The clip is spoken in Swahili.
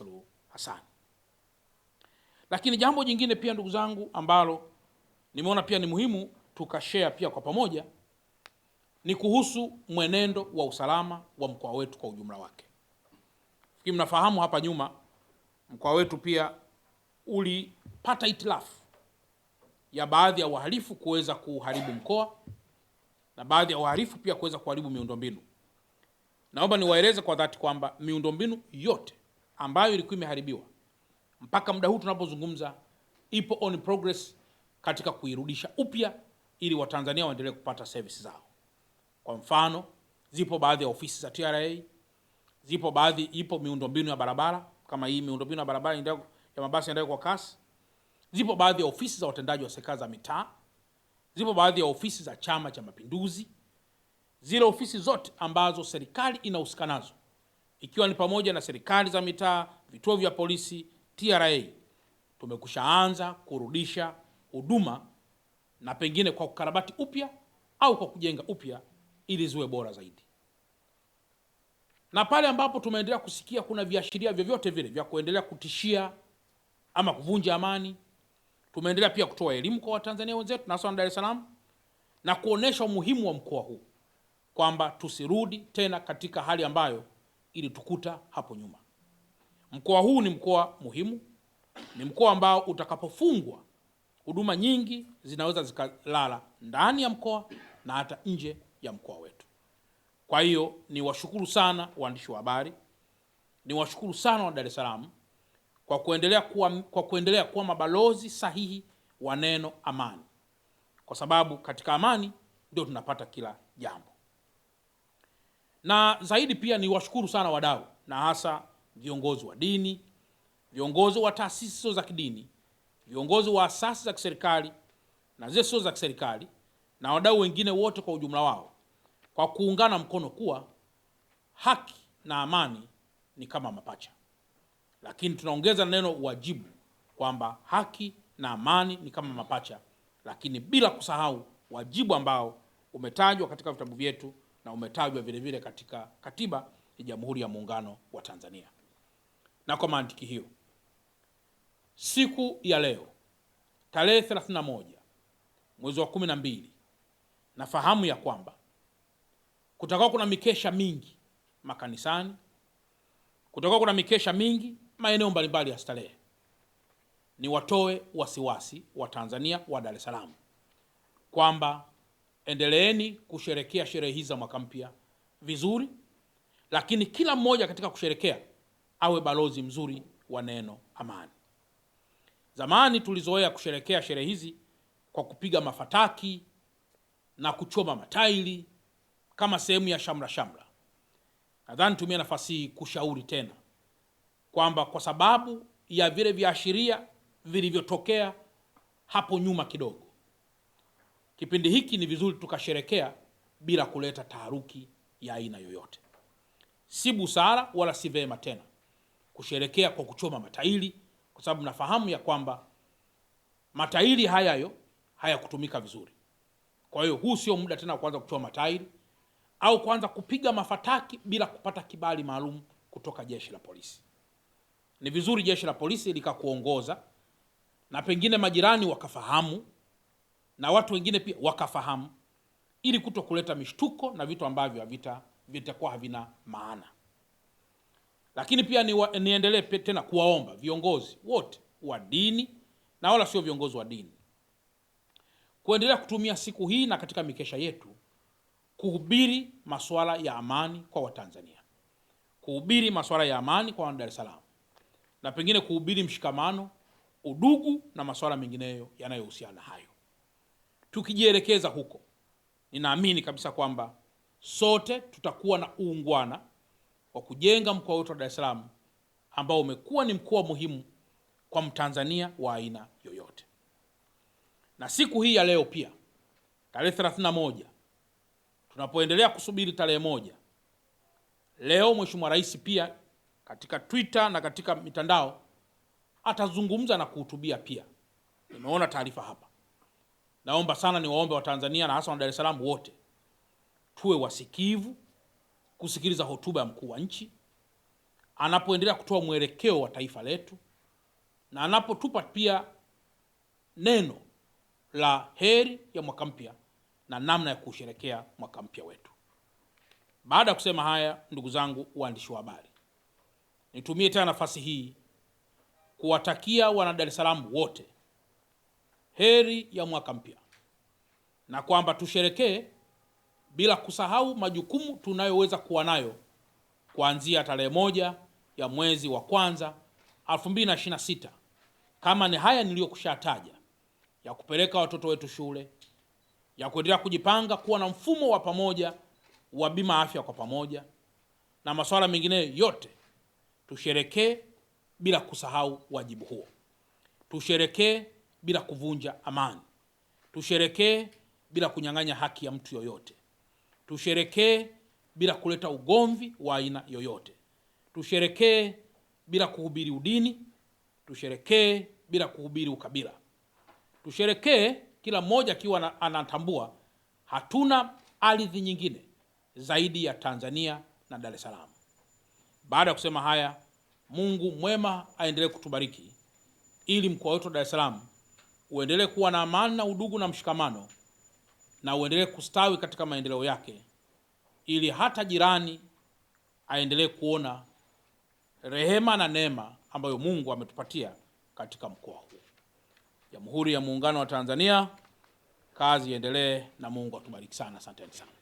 Suluhu Lakini jambo jingine pia ndugu zangu, ambalo nimeona pia ni muhimu tukashea pia kwa pamoja ni kuhusu mwenendo wa usalama wa mkoa wetu kwa ujumla wake. Fikiri mnafahamu hapa nyuma mkoa wetu pia ulipata itilafu ya baadhi ya uhalifu kuweza kuharibu mkoa na baadhi ya uhalifu pia kuweza kuharibu miundombinu. Naomba niwaeleze kwa dhati kwamba miundombinu yote ambayo ilikuwa imeharibiwa mpaka muda huu tunapozungumza ipo on progress katika kuirudisha upya ili Watanzania waendelee kupata service zao. Kwa mfano, zipo baadhi ya ofisi za TRA, zipo baadhi, ipo miundombinu ya barabara kama hii miundombinu ya barabara ya mabasi yaendayo kwa kasi, zipo baadhi ya ofisi za watendaji wa serikali za mitaa, zipo baadhi ya ofisi za Chama cha Mapinduzi, zile ofisi zote ambazo serikali inahusika nazo ikiwa ni pamoja na serikali za mitaa, vituo vya polisi, TRA, tumekushaanza kurudisha huduma na pengine kwa kukarabati upya au kwa kujenga upya ili ziwe bora zaidi. Na pale ambapo tumeendelea kusikia kuna viashiria vyovyote vile vya kuendelea kutishia ama kuvunja amani, tumeendelea pia kutoa elimu kwa Watanzania wenzetu na hasa Dar es Salaam na kuonesha umuhimu wa mkoa huu kwamba tusirudi tena katika hali ambayo ilitukuta hapo nyuma. Mkoa huu ni mkoa muhimu, ni mkoa ambao utakapofungwa huduma nyingi zinaweza zikalala ndani ya mkoa na hata nje ya mkoa wetu. Kwa hiyo ni washukuru sana waandishi wa habari, ni washukuru sana wa Dar es Salaam kwa kuendelea kuwa, kwa kuendelea kuwa mabalozi sahihi wa neno amani, kwa sababu katika amani ndio tunapata kila jambo na zaidi pia ni washukuru sana wadau na hasa viongozi wa dini, viongozi wa taasisi sio za kidini, viongozi wa asasi za kiserikali na zile sio za kiserikali na wadau wengine wote kwa ujumla wao, kwa kuungana mkono kuwa haki na amani ni kama mapacha. Lakini tunaongeza neno uwajibu kwamba haki na amani ni kama mapacha, lakini bila kusahau wajibu ambao umetajwa katika vitabu vyetu na umetajwa vile vile katika katiba ya Jamhuri ya Muungano wa Tanzania. Na kwa mantiki hiyo, siku ya leo tarehe 31 mwezi wa 12, nafahamu ya kwamba kutakuwa kuna mikesha mingi makanisani, kutakuwa kuna mikesha mingi maeneo mbalimbali ya starehe. Ni watoe wasiwasi wa Tanzania wa Dar es Salaam kwamba endeleeni kusherekea sherehe hizi za mwaka mpya vizuri, lakini kila mmoja katika kusherekea awe balozi mzuri wa neno amani. Zamani tulizoea kusherekea sherehe hizi kwa kupiga mafataki na kuchoma matairi kama sehemu ya shamra shamra. Nadhani tumia nafasi hii kushauri tena kwamba kwa sababu ya vile viashiria vilivyotokea hapo nyuma kidogo Kipindi hiki ni vizuri tukasherekea bila kuleta taharuki ya aina yoyote. Si busara wala si vema tena kusherekea kwa kuchoma matairi, kwa sababu nafahamu ya kwamba matairi hayayo hayakutumika vizuri. Kwa hiyo huu sio muda tena wa kuanza kuchoma matairi au kuanza kupiga mafataki bila kupata kibali maalum kutoka jeshi la polisi. Ni vizuri jeshi la polisi likakuongoza na pengine majirani wakafahamu na watu wengine pia wakafahamu, ili kuto kuleta mishtuko na vitu ambavyo vita vitakuwa havina maana. Lakini pia ni, niendelee tena kuwaomba viongozi wote wa dini na wala sio viongozi wa dini kuendelea kutumia siku hii na katika mikesha yetu kuhubiri masuala ya amani kwa Watanzania, kuhubiri masuala ya amani kwa Dar es Salaam na pengine kuhubiri mshikamano, udugu na masuala mengineyo yanayohusiana hayo tukijielekeza huko, ninaamini kabisa kwamba sote tutakuwa na uungwana wa kujenga mkoa wetu wa Dar es Salaam ambao umekuwa ni mkoa muhimu kwa Mtanzania wa aina yoyote. Na siku hii ya leo pia tarehe 31 tunapoendelea kusubiri tarehe moja, leo mweshimua Rais pia katika Twitter na katika mitandao atazungumza na kuhutubia pia, nimeona taarifa hapa. Naomba sana ni waombe Watanzania na hasa wana Dar es Salaam wote tuwe wasikivu kusikiliza hotuba ya mkuu wa nchi anapoendelea kutoa mwelekeo wa taifa letu na anapotupa pia neno la heri ya mwaka mpya na namna ya kuusherekea mwaka mpya wetu. Baada ya kusema haya, ndugu zangu waandishi wa habari, nitumie tena nafasi hii kuwatakia wana Dar es Salaam wote heri ya mwaka mpya na kwamba tusherekee bila kusahau majukumu tunayoweza kuwa nayo kuanzia tarehe moja ya mwezi wa kwanza 2026 kama ni haya niliyokushataja ya kupeleka watoto wetu shule, ya kuendelea kujipanga kuwa na mfumo wa pamoja wa bima afya kwa pamoja na masuala mengine yote. Tusherekee bila kusahau wajibu huo, tusherekee bila kuvunja amani. Tusherekee bila kunyang'anya haki ya mtu yoyote. Tusherekee bila kuleta ugomvi wa aina yoyote. Tusherekee bila kuhubiri udini. Tusherekee bila kuhubiri ukabila. Tusherekee kila mmoja akiwa anatambua hatuna ardhi nyingine zaidi ya Tanzania na Dar es Salaam. Baada ya kusema haya, Mungu mwema aendelee kutubariki ili mkoa wetu wa Dar es Salaam uendelee kuwa na amani na udugu na mshikamano, na uendelee kustawi katika maendeleo yake, ili hata jirani aendelee kuona rehema na neema ambayo Mungu ametupatia katika mkoa huu. Jamhuri ya Muungano wa Tanzania, kazi iendelee na Mungu atubariki sana. Asanteni sana.